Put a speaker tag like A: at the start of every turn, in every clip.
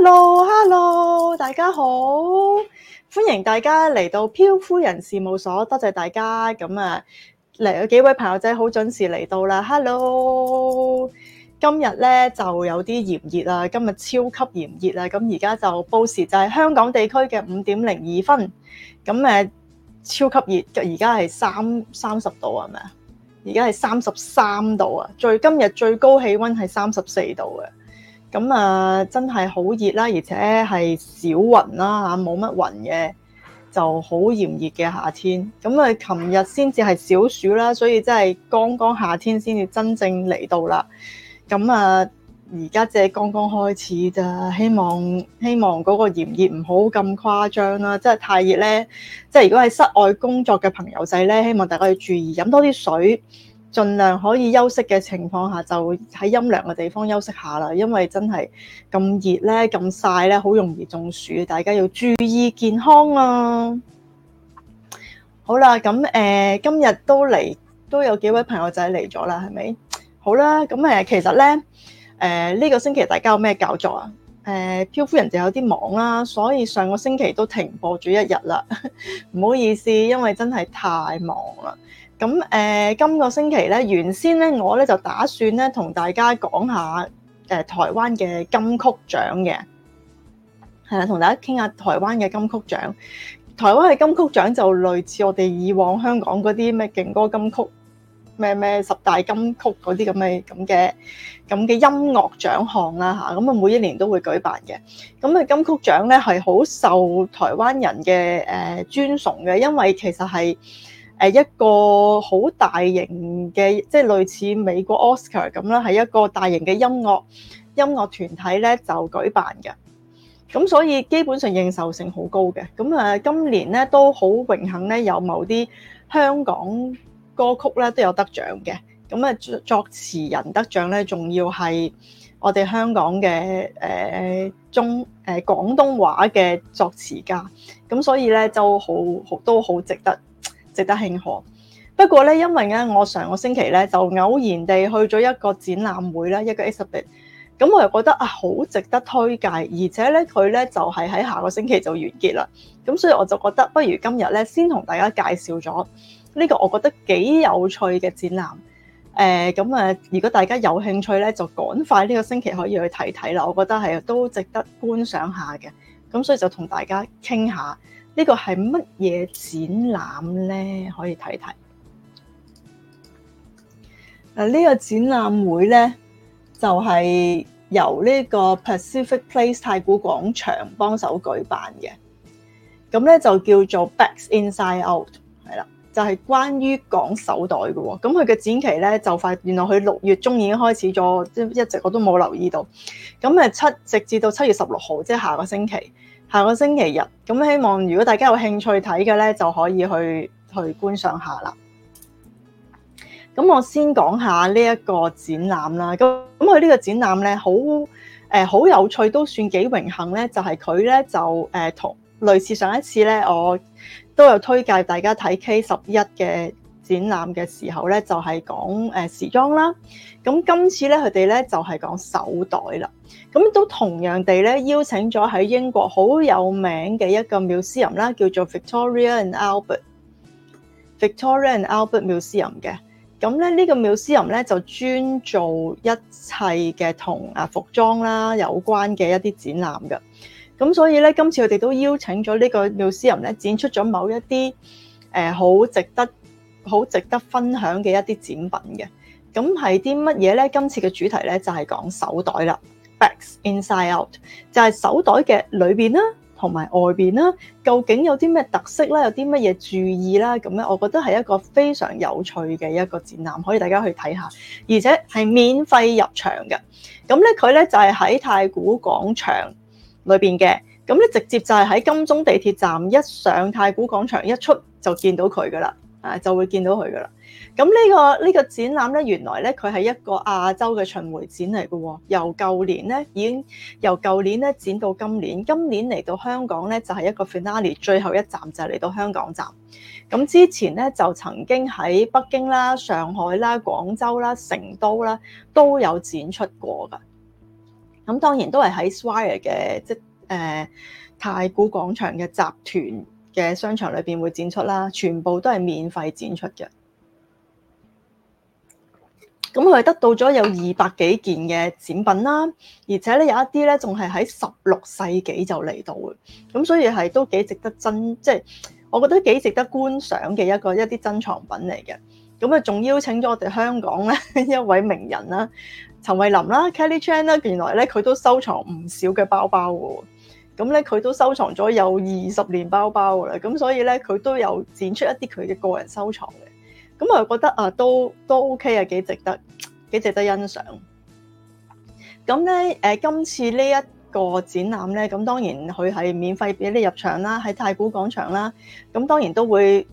A: hello hello，大家好，歡迎大家嚟到漂夫人事務所，多謝大家。咁啊，嚟有幾位朋友仔好準時嚟到啦。hello，今日咧就有啲炎熱啦，今日超級炎熱啊。咁而家就報時就係香港地區嘅五點零二分。咁誒，超級熱，而家係三三十度係咪啊？而家係三十三度啊，最今日最高氣温係三十四度嘅。咁啊，真係好熱啦，而且係少雲啦嚇，冇乜雲嘅，就好炎熱嘅夏天。咁啊，琴日先至係小暑啦，所以真係剛剛夏天先至真正嚟到啦。咁啊，而家只係剛剛開始啫，希望希望嗰個炎熱唔好咁誇張啦，真係太熱咧。即係如果喺室外工作嘅朋友仔咧，希望大家要注意飲多啲水。儘量可以休息嘅情況下，就喺陰涼嘅地方休息一下啦。因為真係咁熱咧，咁晒咧，好容易中暑。大家要注意健康啊！好啦，咁誒、呃，今日都嚟，都有幾位朋友仔嚟咗啦，係咪？好啦，咁、呃、誒，其實咧，誒、呃、呢、這個星期大家有咩搞作啊？誒、呃，漂夫人就有啲忙啦、啊，所以上個星期都停播咗一日啦。唔 好意思，因為真係太忙啦。咁誒、呃，今個星期咧，原先咧，我咧就打算咧，同大家講下誒、呃、台灣嘅金曲獎嘅，係啊，同大家傾下台灣嘅金曲獎。台灣嘅金曲獎就類似我哋以往香港嗰啲咩勁歌金曲，咩咩十大金曲嗰啲咁嘅咁嘅咁嘅音樂獎項啦嚇。咁啊，啊，每一年都會舉辦嘅。咁啊，金曲獎咧係好受台灣人嘅誒、呃、尊崇嘅，因為其實係。誒一個好大型嘅，即係類似美國 Oscar 咁啦，係一個大型嘅音樂音樂團體咧，就舉辦嘅。咁所以基本上認受性好高嘅。咁啊，今年咧都好榮幸咧，有某啲香港歌曲咧都有得獎嘅。咁啊，作作詞人得獎咧，仲要係我哋香港嘅誒、呃、中誒、呃、廣東話嘅作詞家。咁所以咧就好好都好值得。值得慶賀。不過咧，因為咧，我上個星期咧就偶然地去咗一個展覽會啦，一個 exhibit。咁我又覺得啊，好值得推介，而且咧，佢咧就係喺下個星期就完結啦。咁所以我就覺得，不如今日咧先同大家介紹咗呢個我覺得幾有趣嘅展覽。誒，咁啊，如果大家有興趣咧，就趕快呢個星期可以去睇睇啦。我覺得係都值得觀賞下嘅。咁所以就同大家傾下。呢個係乜嘢展覽咧？可以睇睇。嗱，呢個展覽會咧就係由呢個 Pacific Place 太古廣場幫手舉辦嘅。咁咧就叫做 BAGS Inside Out，係啦，就係關於講手袋嘅喎。咁佢嘅展期咧就快，原來佢六月中已經開始咗，即係一直我都冇留意到。咁誒七，直至到七月十六號，即係下個星期。下個星期日，咁希望如果大家有興趣睇嘅咧，就可以去去觀賞一下啦。咁我先講一下呢一個展覽啦。咁咁佢呢個展覽咧，好誒好有趣，都算幾榮幸咧。就係佢咧就誒同、呃、類似上一次咧，我都有推介大家睇 K 十一嘅。展覽嘅時候咧，就係、是、講誒時裝啦。咁今次咧，佢哋咧就係、是、講手袋啦。咁都同樣地咧，邀請咗喺英國好有名嘅一個 museum 啦，叫做 Victoria and Albert, Victoria and Albert，Victoria and Albert museum 嘅。咁咧呢個 museum 咧就專做一切嘅同啊服裝啦有關嘅一啲展覽嘅。咁所以咧，今次佢哋都邀請咗呢個 museum 咧，展出咗某一啲誒好值得。好值得分享嘅一啲展品嘅，咁係啲乜嘢咧？今次嘅主題咧就係講手袋啦，Bags Inside Out，就係手袋嘅裏邊啦，同埋外邊啦，究竟有啲咩特色啦？有啲乜嘢注意啦？咁咧，我覺得係一個非常有趣嘅一個展覽，可以大家去睇下，而且係免費入場嘅。咁咧，佢咧就係喺太古廣場裏邊嘅，咁咧直接就係喺金鐘地鐵站一上太古廣場一出就見到佢噶啦。啊，就會見到佢噶啦。咁呢個呢個展覽咧，原來咧佢係一個亞洲嘅巡迴展嚟嘅喎。由舊年咧已經由舊年咧展到今年，今年嚟到香港咧就係、是、一個 finale 最後一站就係嚟到香港站。咁之前咧就曾經喺北京啦、上海啦、廣州啦、成都啦都有展出過㗎。咁當然都係喺 Swire 嘅即係、呃、太古廣場嘅集團，嘅商場裏邊會展出啦，全部都係免費展出嘅。咁佢得到咗有二百幾件嘅展品啦，而且咧有一啲咧仲係喺十六世紀就嚟到嘅。咁所以係都幾值得珍，即係我覺得幾值得觀賞嘅一個一啲珍藏品嚟嘅。咁啊，仲邀請咗我哋香港咧一位名人啦，陳慧琳啦，Kelly Chen 啦，原來咧佢都收藏唔少嘅包包嘅喎。咁咧，佢都收藏咗有二十年包包噶啦，咁所以咧，佢都有展出一啲佢嘅個人收藏嘅。咁啊，我覺得啊，都都 OK 啊，幾值得，幾值得欣賞。咁咧，誒、呃，今次呢一個展覽咧，咁當然佢係免費俾你入場啦，喺太古廣場啦。咁當然都會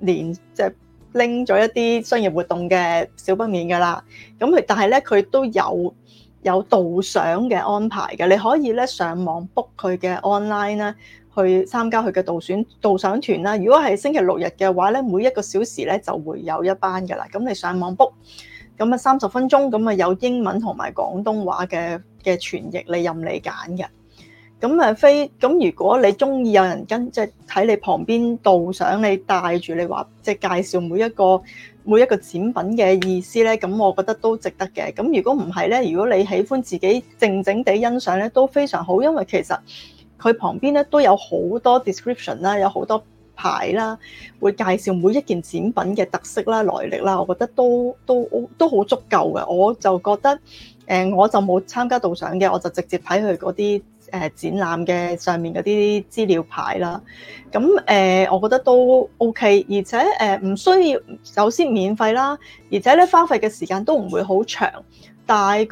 A: 連即係拎咗一啲商業活動嘅少不免噶啦。咁佢但係咧，佢都有。有導賞嘅安排嘅，你可以咧上網 book 佢嘅 online 咧，去參加佢嘅導賞導賞團啦。如果係星期六日嘅話咧，每一個小時咧就會有一班嘅啦。咁你上網 book，咁啊三十分鐘，咁啊有英文同埋廣東話嘅嘅傳譯，你任你揀嘅。咁啊，非咁如果你中意有人跟即係喺你旁邊導賞，你帶住你話即係介紹每一個每一個展品嘅意思咧，咁我覺得都值得嘅。咁如果唔係咧，如果你喜歡自己靜靜地欣賞咧，都非常好，因為其實佢旁邊咧都有好多 description 啦，有好多牌啦，會介紹每一件展品嘅特色啦、來歷啦，我覺得都都都好足夠嘅。我就覺得誒、呃，我就冇參加導賞嘅，我就直接睇佢嗰啲。誒、呃、展覽嘅上面嗰啲資料牌啦，咁誒、呃、我覺得都 OK，而且誒唔、呃、需要首先免費啦，而且咧花費嘅時間都唔會好長，大概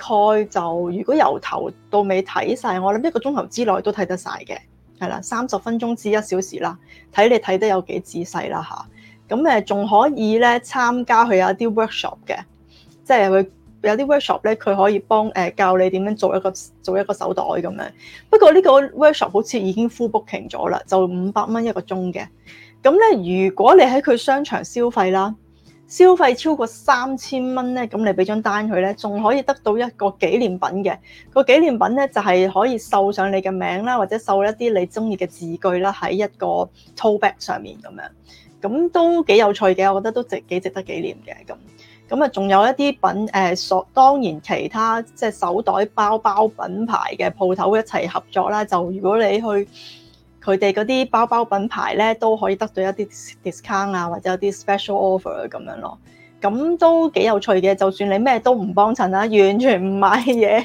A: 就如果由頭到尾睇晒，我諗一個鐘頭之內都睇得晒嘅，係啦，三十分鐘至一小時啦，睇你睇得有幾仔細啦吓，咁誒仲可以咧參加佢有一啲 workshop 嘅，即係佢。有啲 workshop 咧，佢可以幫誒、呃、教你點樣做一個做一個手袋咁樣。不過呢個 workshop 好似已經 full booking 咗啦，就五百蚊一個鐘嘅。咁咧，如果你喺佢商場消費啦，消費超過三千蚊咧，咁你俾張單佢咧，仲可以得到一個紀念品嘅。個紀念品咧就係、是、可以繡上你嘅名啦，或者繡一啲你中意嘅字句啦，喺一個 tote bag 上面咁樣。咁都幾有趣嘅，我覺得都值幾值得紀念嘅咁。咁啊，仲有一啲品誒，所當然其他即係手袋包包品牌嘅鋪頭一齊合作啦。就如果你去佢哋嗰啲包包品牌咧，都可以得到一啲 discount 啊，或者有啲 special offer 咁樣咯。咁都幾有趣嘅。就算你咩都唔幫襯啦，完全唔買嘢，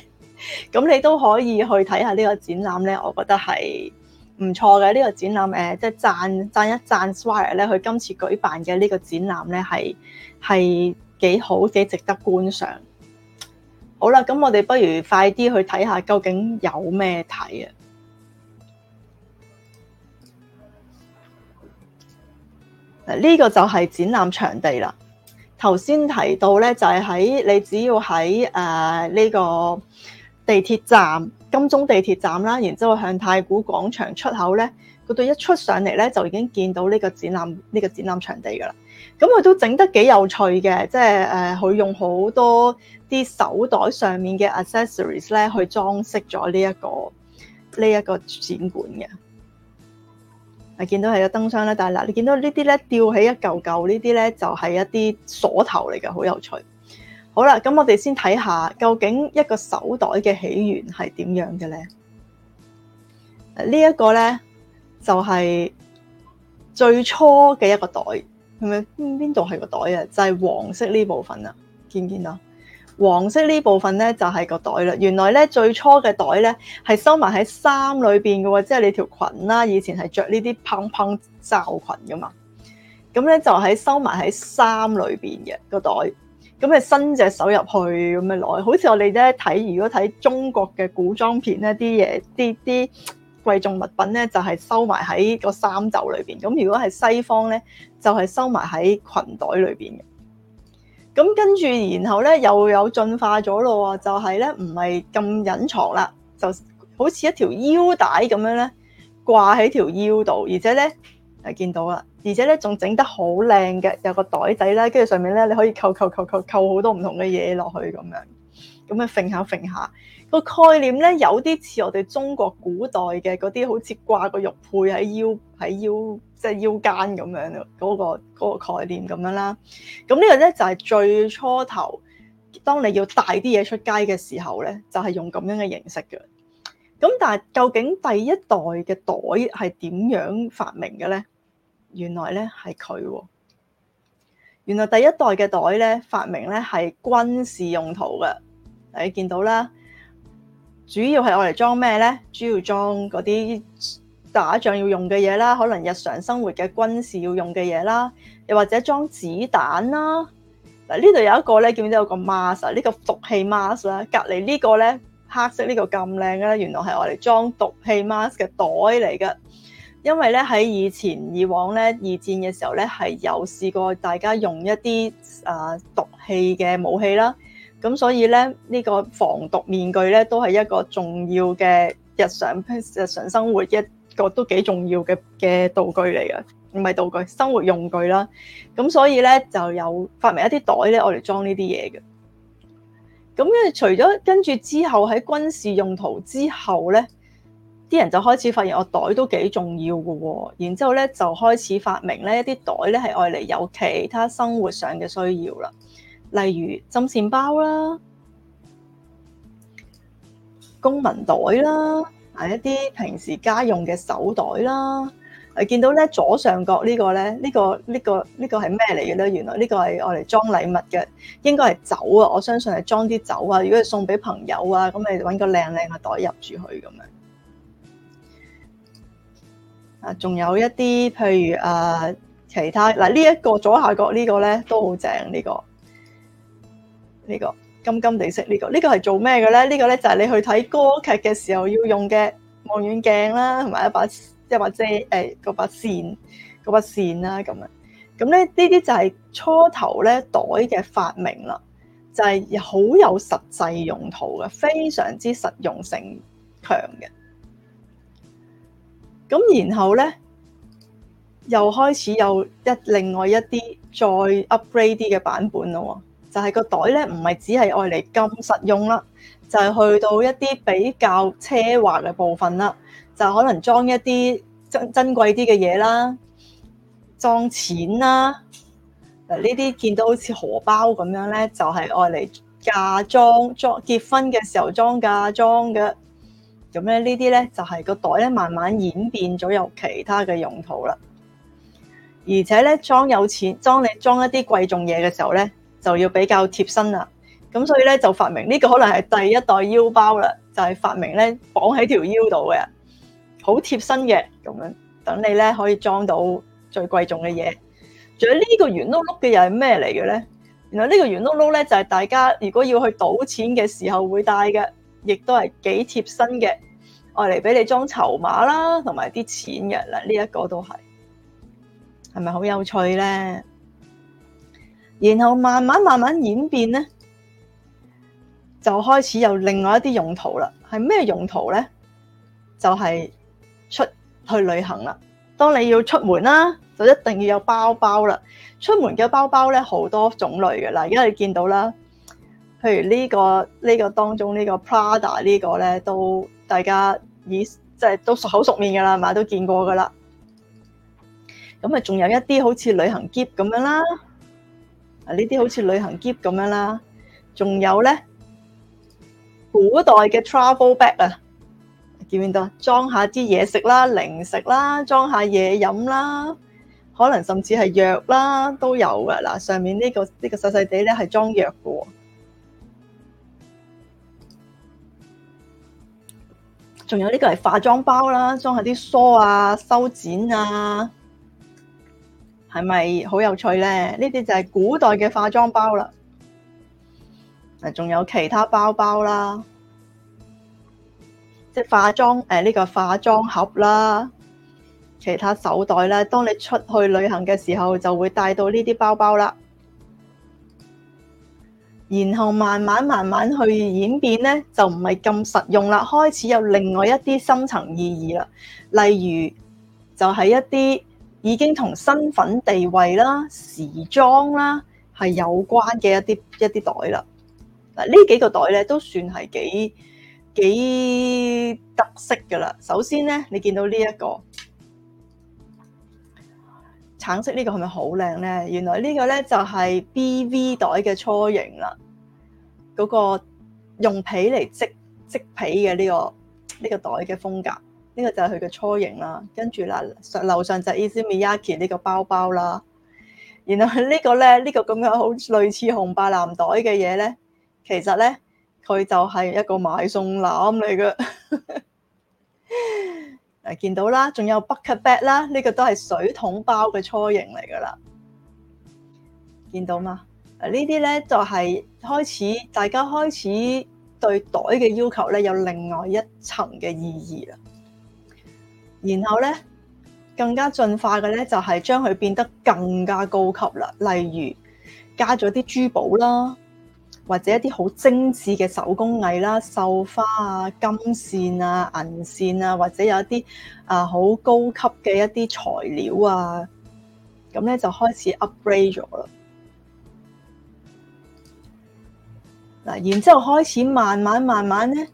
A: 咁你都可以去睇下呢個展覽咧。我覺得係唔錯嘅。呢個展覽誒，即係贊贊一贊 Swire 咧，佢今次舉辦嘅呢個展覽咧，係係。幾好，幾值得觀賞。好啦，咁我哋不如快啲去睇下究竟有咩睇啊！嗱，呢個就係展覽場地啦。頭先提到咧，就係喺你只要喺誒呢個地鐵站金鐘地鐵站啦，然之後向太古廣場出口咧，嗰度一出上嚟，咧，就已經見到呢個展覽，呢個展覽場地噶啦。咁佢都整得幾有趣嘅，即係誒，佢用好多啲手袋上面嘅 accessories 咧，去裝飾咗呢一個呢一個展館嘅。啊，見到係個燈箱啦，但係嗱，你見到呢啲咧吊起一嚿嚿呢啲咧，就係一啲鎖頭嚟嘅，好有趣。好啦，咁我哋先睇下究竟一個手袋嘅起源係點樣嘅咧？呢一個咧就係最初嘅一個袋。係咪邊度係個袋啊？就係、是、黃色呢部分啦，啊，見唔見到？黃色部呢部分咧就係、是、個袋啦。原來咧最初嘅袋咧係收埋喺衫裏邊嘅喎，即係你條裙啦，以前係着呢啲蓬蓬罩裙嘅嘛。咁咧就喺收埋喺衫裏邊嘅，那個袋，咁咪伸隻手入去咁咪攞。好似我哋咧睇，如果睇中國嘅古裝片咧，啲嘢啲啲。貴重物品咧就係收埋喺個衫袖裏邊，咁如果係西方咧就係收埋喺裙袋裏邊嘅。咁跟住然後咧又有進化咗咯喎，就係咧唔係咁隱藏啦，就好似一條腰帶咁樣咧掛喺條腰度，而且咧誒見到啦，而且咧仲整得好靚嘅，有個袋仔啦，跟住上面咧你可以扣扣扣扣扣好多唔同嘅嘢落去咁樣，咁啊揈下揈下。個概念咧有啲似我哋中國古代嘅嗰啲，好似掛個玉佩喺腰喺腰即係、就是、腰間咁樣咯，嗰、那個那個概念咁樣啦。咁呢個咧就係、是、最初頭，當你要帶啲嘢出街嘅時候咧，就係、是、用咁樣嘅形式嘅。咁但係究竟第一代嘅袋係點樣發明嘅咧？原來咧係佢喎。原來第一代嘅袋咧發明咧係軍事用途嘅，你見到啦。主要係我嚟裝咩咧？主要裝嗰啲打仗要用嘅嘢啦，可能日常生活嘅軍事要用嘅嘢啦，又或者裝子彈啦。嗱呢度有一個咧，見唔見到有個 mask？呢個毒氣 mask 啦，隔籬呢個咧黑色呢個咁靚嘅咧，原來係我嚟裝毒氣 mask 嘅袋嚟噶。因為咧喺以前以往咧二戰嘅時候咧，係有試過大家用一啲、啊、毒氣嘅武器啦。咁所以咧，呢個防毒面具咧都係一個重要嘅日常日常生活一個都幾重要嘅嘅道具嚟嘅，唔係道具，生活用具啦。咁所以咧就有發明一啲袋咧，愛嚟裝呢啲嘢嘅。咁跟住除咗跟住之後喺軍事用途之後咧，啲人就開始發現我袋都幾重要嘅喎、哦。然之後咧就開始發明咧一啲袋咧係愛嚟有其他生活上嘅需要啦。例如針線包啦、公文袋啦，啊，一啲平時家用嘅手袋啦。啊，見到咧左上角呢個咧，呢個呢、呢個、呢個呢個、呢個係咩嚟嘅咧？原來呢個係我嚟裝禮物嘅，應該係酒啊。我相信係裝啲酒啊。如果係送俾朋友啊，咁你揾個靚靚嘅袋入住去咁樣啊。仲有一啲，譬如啊、呃、其他嗱呢一個左下角呢個呢個咧都好正呢個。呢個金金地色，呢、這個呢個係做咩嘅咧？呢個咧就係、是、你去睇歌劇嘅時候要用嘅望遠鏡啦，同埋一把即係把遮誒嗰把線嗰把線啦咁啊。咁咧呢啲就係初頭咧袋嘅發明啦，就係、是、好有實際用途嘅，非常之實用性強嘅。咁然後咧又開始有一另外一啲再 upgrade 啲嘅版本咯。就係個袋咧，唔係只係愛嚟咁實用啦，就係、是、去到一啲比較奢華嘅部分啦，就可能裝一啲珍珍貴啲嘅嘢啦，裝錢啦嗱，呢啲見到好似荷包咁樣咧，就係愛嚟嫁妝裝結婚嘅時候裝嫁妝嘅。咁咧呢啲咧就係、是、個袋咧，慢慢演變咗有其他嘅用途啦。而且咧裝有錢裝你裝一啲貴重嘢嘅時候咧。就要比較貼身啦，咁所以咧就發明呢、呢個可能係第一代腰包啦，就係、係、發明咧綁喺條腰度嘅，好貼身嘅咁樣，等你咧可以裝到最貴重嘅嘢。仲有呢個圓碌碌嘅又係咩嚟嘅咧？原來呢個圓碌碌咧就係大家如果要去賭錢嘅時候會帶嘅，亦都係幾貼身嘅，用嚟俾你裝籌碼啦，同埋啲錢嘅嗱，呢、呢、一個都係，係咪好有趣咧？然後慢慢慢慢演變咧，就開始有另外一啲用途啦。係咩用途咧？就係、是、出去旅行啦。當你要出門啦、啊，就一定要有包包啦。出門嘅包包咧，好多種類噶啦。而家你見到啦，譬如呢、呢個呢、呢個當中、呢個、個呢個 Prada 呢個咧，都大家以即係、就是、都熟口熟面噶啦，咪都見過噶啦。咁啊，仲有一啲好似旅行喼咁樣啦。啊！呢啲好似旅行 gear 咁樣啦，仲有咧古代嘅 travel bag 啊，見唔見到？裝下啲嘢食啦、零食啦，裝下嘢飲啦，可能甚至係藥啦都有㗎。嗱，上面呢個呢個細細地咧係裝藥嘅。仲有呢個係化妝包啦，裝下啲梳啊、修剪啊。係咪好有趣呢？呢啲就係古代嘅化妝包啦。仲有其他包包啦，即化妝誒，呢個化妝盒啦，其他手袋啦。當你出去旅行嘅時候，就會帶到呢啲包包啦。然後慢慢慢慢去演變呢，就唔係咁實用啦，開始有另外一啲深層意義啦。例如，就係一啲。已經同身份地位啦、時裝啦係有關嘅一啲一啲袋啦。嗱，呢幾個袋咧都算係幾幾特色噶啦。首先咧，你見到呢、這、一個橙色這個是是呢個係咪好靚咧？原來這個呢個咧就係、是、BV 袋嘅雛形啦。嗰、那個用皮嚟織織皮嘅呢、這個呢、這個袋嘅風格。呢個就係佢嘅雛形啦，跟住啦，樓上就係 Issey Miyake 呢個包包啦，然後這個呢、這個咧呢個咁樣好類似紅白藍袋嘅嘢咧，其實咧佢就係一個買餸籃嚟嘅。誒 見、啊、到啦，仲有 Bucket Bag 啦，呢、這個都係水桶包嘅雛形嚟㗎啦。見到嘛？啊、這些呢啲咧就係、是、開始大家開始對袋嘅要求咧有另外一層嘅意義啦。然後咧，更加進化嘅咧，就係將佢變得更加高級啦。例如加咗啲珠寶啦，或者一啲好精緻嘅手工藝啦，繡花啊、金線啊、銀線啊，或者有一啲啊好高級嘅一啲材料啊，咁咧就開始 upgrade 咗啦。嗱，然之後開始慢慢慢慢咧，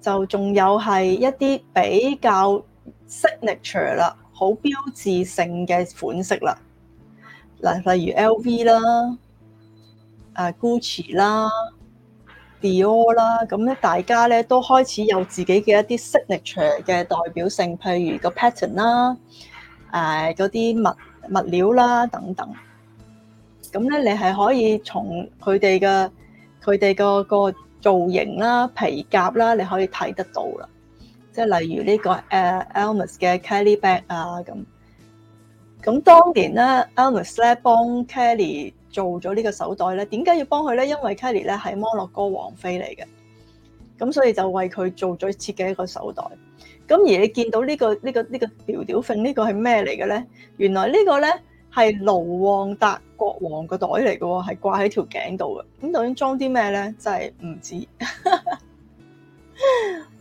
A: 就仲有係一啲比較 signature 啦，好標誌性嘅款式啦。嗱，例如 LV 啦、啊 Gucci 啦、Dior 啦，咁咧大家咧都開始有自己嘅一啲 signature 嘅代表性，譬如個 pattern 啦、誒嗰啲物物料啦等等。咁咧，你係可以從佢哋嘅佢哋個個造型啦、皮夾啦，你可以睇得到啦。即係例如呢個 Hermès 嘅 Kelly Bag 啊，咁咁當年咧 Hermès 咧幫 Kelly 做咗呢個手袋咧，點解要幫佢咧？因為 Kelly 咧係摩洛哥王妃嚟嘅，咁所以就為佢做咗設計一個手袋。咁而你見到呢個呢個呢個吊吊揈呢個係咩嚟嘅咧？原來呢個咧係盧旺達國王嘅袋嚟嘅，係掛喺條頸度嘅。咁究竟裝啲咩咧？真係唔知。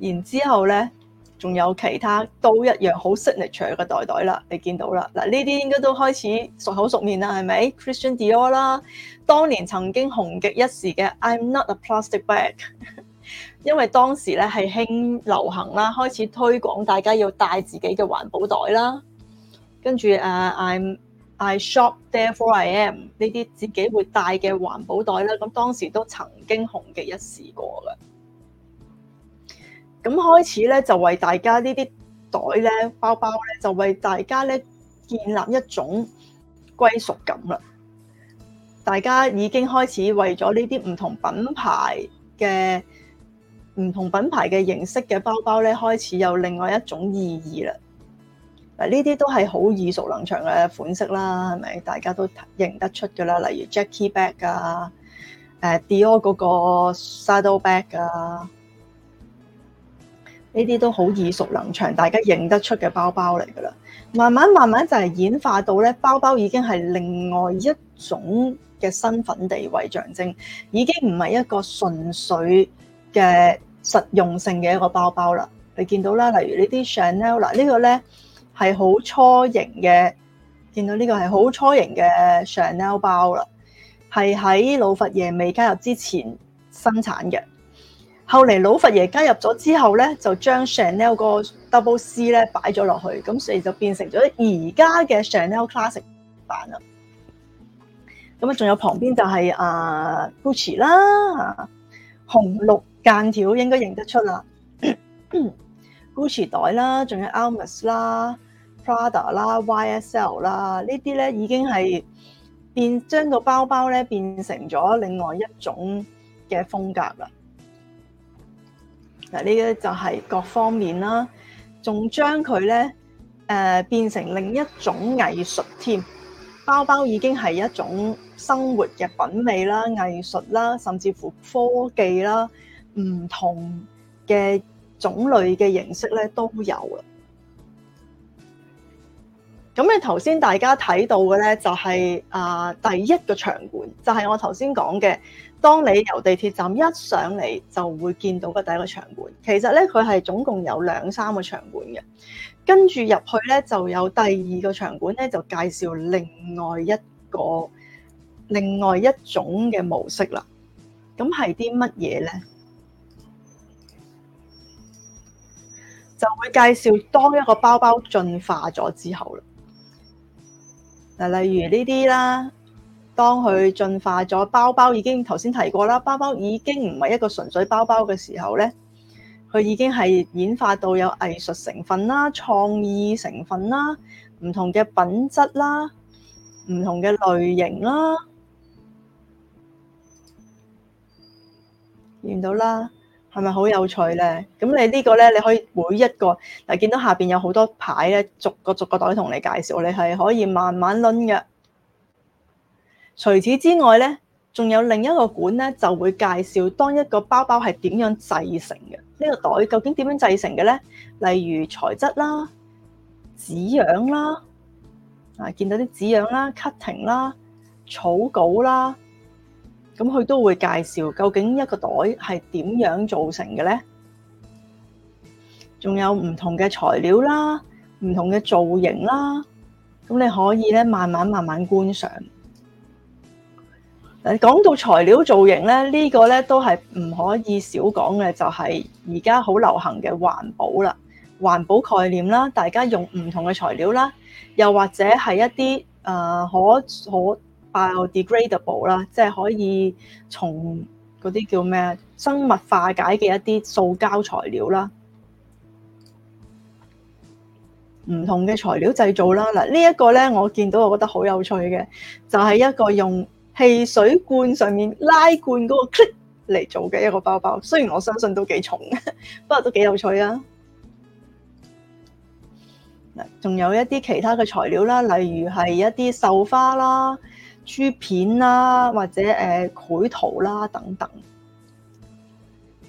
A: 然之後咧，仲有其他都一樣好 signature 嘅袋袋啦，你見到啦。嗱，呢啲應該都開始熟口熟面啦，係咪？Christian Dior 啦，當年曾經紅極一時嘅 I'm not a plastic bag，因為當時咧係興流行啦，開始推廣大家要帶自己嘅環保袋啦。跟住誒，I'm I shop therefore I am 呢啲自己會帶嘅環保袋啦，咁當時都曾經紅極一時過嘅。咁開始咧，就為大家呢啲袋咧、包包咧，就為大家咧建立一種歸屬感啦。大家已經開始為咗呢啲唔同品牌嘅唔同品牌嘅形式嘅包包咧，開始有另外一種意義啦。嗱，呢啲都係好耳熟能詳嘅款式啦，係咪？大家都認得出㗎啦。例如 Jackie Bag 啊，誒 Dior 嗰個 Saddle Bag 啊。呢啲都好耳熟能詳，大家認得出嘅包包嚟噶啦。慢慢慢慢就係演化到咧，包包已經係另外一種嘅身份地位象徵，已經唔係一個純粹嘅實用性嘅一個包包啦。你見到啦，例如呢啲 Chanel 嗱，呢個咧係好初型嘅，見到呢個係好初型嘅 Chanel 包啦，係喺老佛爺未加入之前生產嘅。後嚟老佛爺加入咗之後咧，就將 Chanel 個 Double C 咧擺咗落去，咁所以就變成咗而家嘅 Chanel Classic 版啦。咁啊，仲有旁邊就係、是、啊 Gucci 啦，紅綠間條應該認得出啦。Gucci 袋啦，仲有 Almas 啦、Prada 啦、YSL 啦，呢啲咧已經係變將個包包咧變成咗另外一種嘅風格啦。嗱，呢啲就係各方面啦，仲將佢咧誒變成另一種藝術添。包包已經係一種生活嘅品味啦、藝術啦，甚至乎科技啦，唔同嘅種類嘅形式咧都有啊。咁你頭先大家睇到嘅咧、就係，就係啊第一個場館，就係、是、我頭先講嘅。當你由地鐵站一上嚟，就會見到個第一個場館。其實咧，佢係總共有兩三個場館嘅。跟住入去咧，就有第二個場館咧，就介紹另外一個另外一種嘅模式啦。咁係啲乜嘢咧？就會介紹當一個包包進化咗之後啦。嗱，例如呢啲啦。當佢進化咗，包包已經頭先提過啦。包包已經唔係一個純粹包包嘅時候咧，佢已經係演化到有藝術成分啦、創意成分啦、唔同嘅品質啦、唔同嘅類型啦，見到啦？係咪好有趣咧？咁你呢個咧，你可以每一個嗱，見到下邊有好多牌咧，逐個逐個袋同你介紹，你係可以慢慢輪嘅。除此之外咧，仲有另一個館咧，就會介紹當一個包包係點樣製成嘅。呢個袋究竟點樣製成嘅咧？例如材質啦、紙樣啦，啊，見到啲紙樣啦、cutting 啦、草稿啦，咁佢都會介紹究竟一個袋係點樣做成嘅咧。仲有唔同嘅材料啦、唔同嘅造型啦，咁你可以咧慢慢慢慢觀賞。講到材料造型咧，呢、這個咧都係唔可以少講嘅，就係而家好流行嘅環保啦。環保概念啦，大家用唔同嘅材料啦，又或者係一啲誒、呃、可可 biodegradable 啦，即、就、係、是、可以從嗰啲叫咩生物化解嘅一啲塑膠材料啦，唔同嘅材料製造啦。嗱、這個、呢一個咧，我見到我覺得好有趣嘅，就係、是、一個用。汽水罐上面拉罐嗰個 click 嚟做嘅一個包包，雖然我相信都幾重，不過都幾有趣啊！嗱，仲有一啲其他嘅材料啦，例如係一啲繡花啦、珠片啦，或者誒繪、呃、圖啦等等。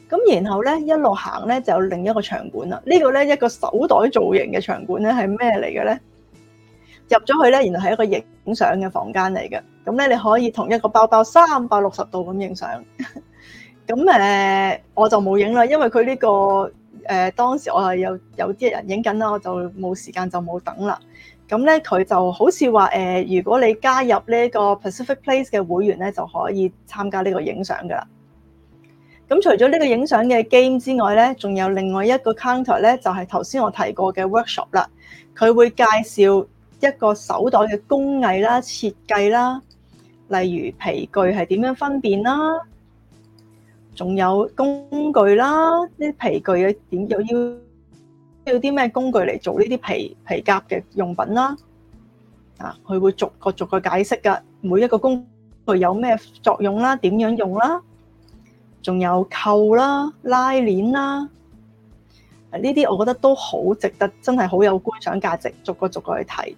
A: 咁然後咧一路行咧就有另一個場館啦。這個、呢個咧一個手袋造型嘅場館咧係咩嚟嘅咧？入咗去咧，原來係一個影相嘅房間嚟嘅。咁咧，你可以同一個包包三百六十度咁影相。咁 誒，我就冇影啦，因為佢呢、呢個誒、呃、當時我係有有啲人影緊啦，我就冇時間就冇等啦。咁咧，佢就好似話誒，如果你加入呢個 Pacific Place 嘅會員咧，就可以參加呢個影相噶啦。咁除咗呢個影相嘅 game 之外咧，仲有另外一個 counter 咧，就係頭先我提過嘅 workshop 啦。佢會介紹一個手袋嘅工藝啦、設計啦，例如皮具係點樣分辨啦，仲有工具啦，呢啲皮具嘅點又要要啲咩工具嚟做呢啲皮皮革嘅用品啦，啊，佢會逐個逐個解釋噶，每一個工具有咩作用啦，點樣用啦，仲有扣啦、拉鏈啦，呢啲我覺得都好值得，真係好有觀賞價值，逐個逐個去睇。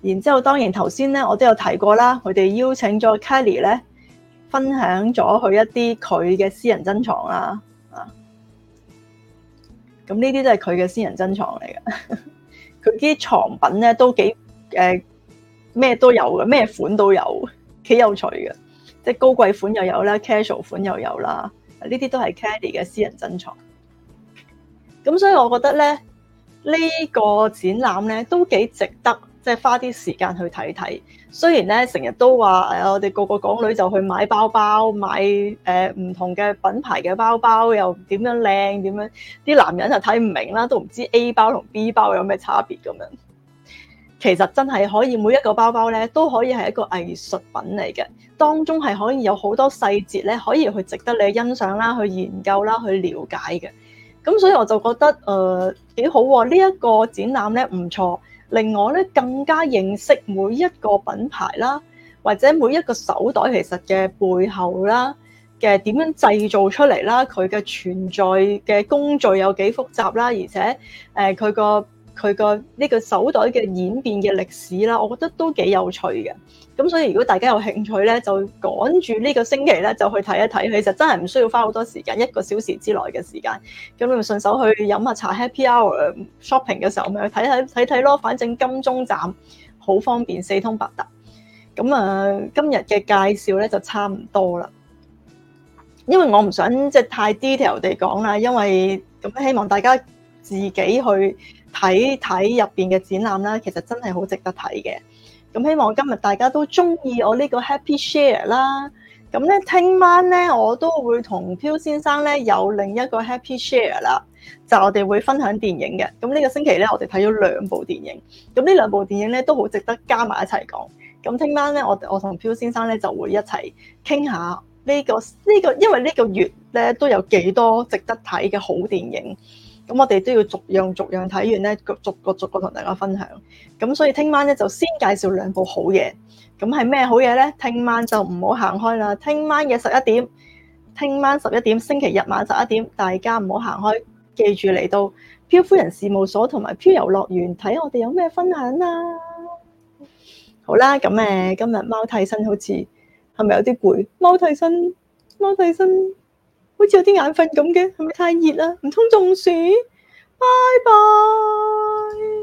A: 然之後，當然頭先咧，我都有提過啦。佢哋邀請咗 Kelly 咧，分享咗佢一啲佢嘅私人珍藏啊。啊，咁呢啲都係佢嘅私人珍藏嚟嘅。佢啲藏品咧都幾誒咩都有嘅，咩款都有，幾有趣嘅。即係高貴款又有啦，casual 款又有啦。呢啲都係 Kelly 嘅私人珍藏。咁、呃、所以，我覺得咧呢、這個展覽咧都幾值得。即係花啲時間去睇睇，雖然咧成日都話誒，我哋個個港女就去買包包，買誒唔同嘅品牌嘅包包又點樣靚，點樣啲男人就睇唔明啦，都唔知 A 包同 B 包有咩差別咁樣。其實真係可以每一個包包咧，都可以係一個藝術品嚟嘅，當中係可以有好多細節咧，可以去值得你欣賞啦，去研究啦，去了解嘅。咁所以我就覺得誒幾好喎，呢一個展覽咧唔錯。令我咧更加認識每一個品牌啦，或者每一個手袋其實嘅背後啦嘅點樣製造出嚟啦，佢嘅存在嘅工序有幾複雜啦，而且誒佢個。佢個呢個手袋嘅演變嘅歷史啦，我覺得都幾有趣嘅。咁所以如果大家有興趣咧，就趕住呢個星期咧就去睇一睇。其實真係唔需要花好多時間，一個小時之內嘅時間。咁你咪順手去飲下茶、happy hour、shopping 嘅時候，咪去睇睇睇睇咯。反正金鐘站好方便，四通八達。咁啊，今日嘅介紹咧就差唔多啦，因為我唔想即係太 detail 地講啦，因為咁希望大家自己去。睇睇入邊嘅展覽啦，其實真係好值得睇嘅。咁希望今日大家都中意我呢個 Happy Share 啦。咁咧，聽晚咧我都會同漂先生咧有另一個 Happy Share 啦，就我哋會分享電影嘅。咁呢個星期咧我哋睇咗兩部電影，咁呢兩部電影咧都好值得加埋一齊講。咁聽晚咧我我同漂先生咧就會一齊傾下呢個呢個，因為呢個月咧都有幾多值得睇嘅好電影。咁我哋都要逐樣逐樣睇完咧，逐個逐個同大家分享。咁所以聽晚咧就先介紹兩部好嘢。咁係咩好嘢咧？聽晚就唔好行開啦。聽晚嘅十一點，聽晚十一點，星期日晚十一點，大家唔好行開，記住嚟到漂夫人事務所同埋漂遊樂園睇我哋有咩分享啦、啊。好啦，咁誒，今日貓替身好似係咪有啲攰？貓替身，貓替身。好似有啲眼瞓咁嘅，係咪太熱啦？唔通中暑？拜拜。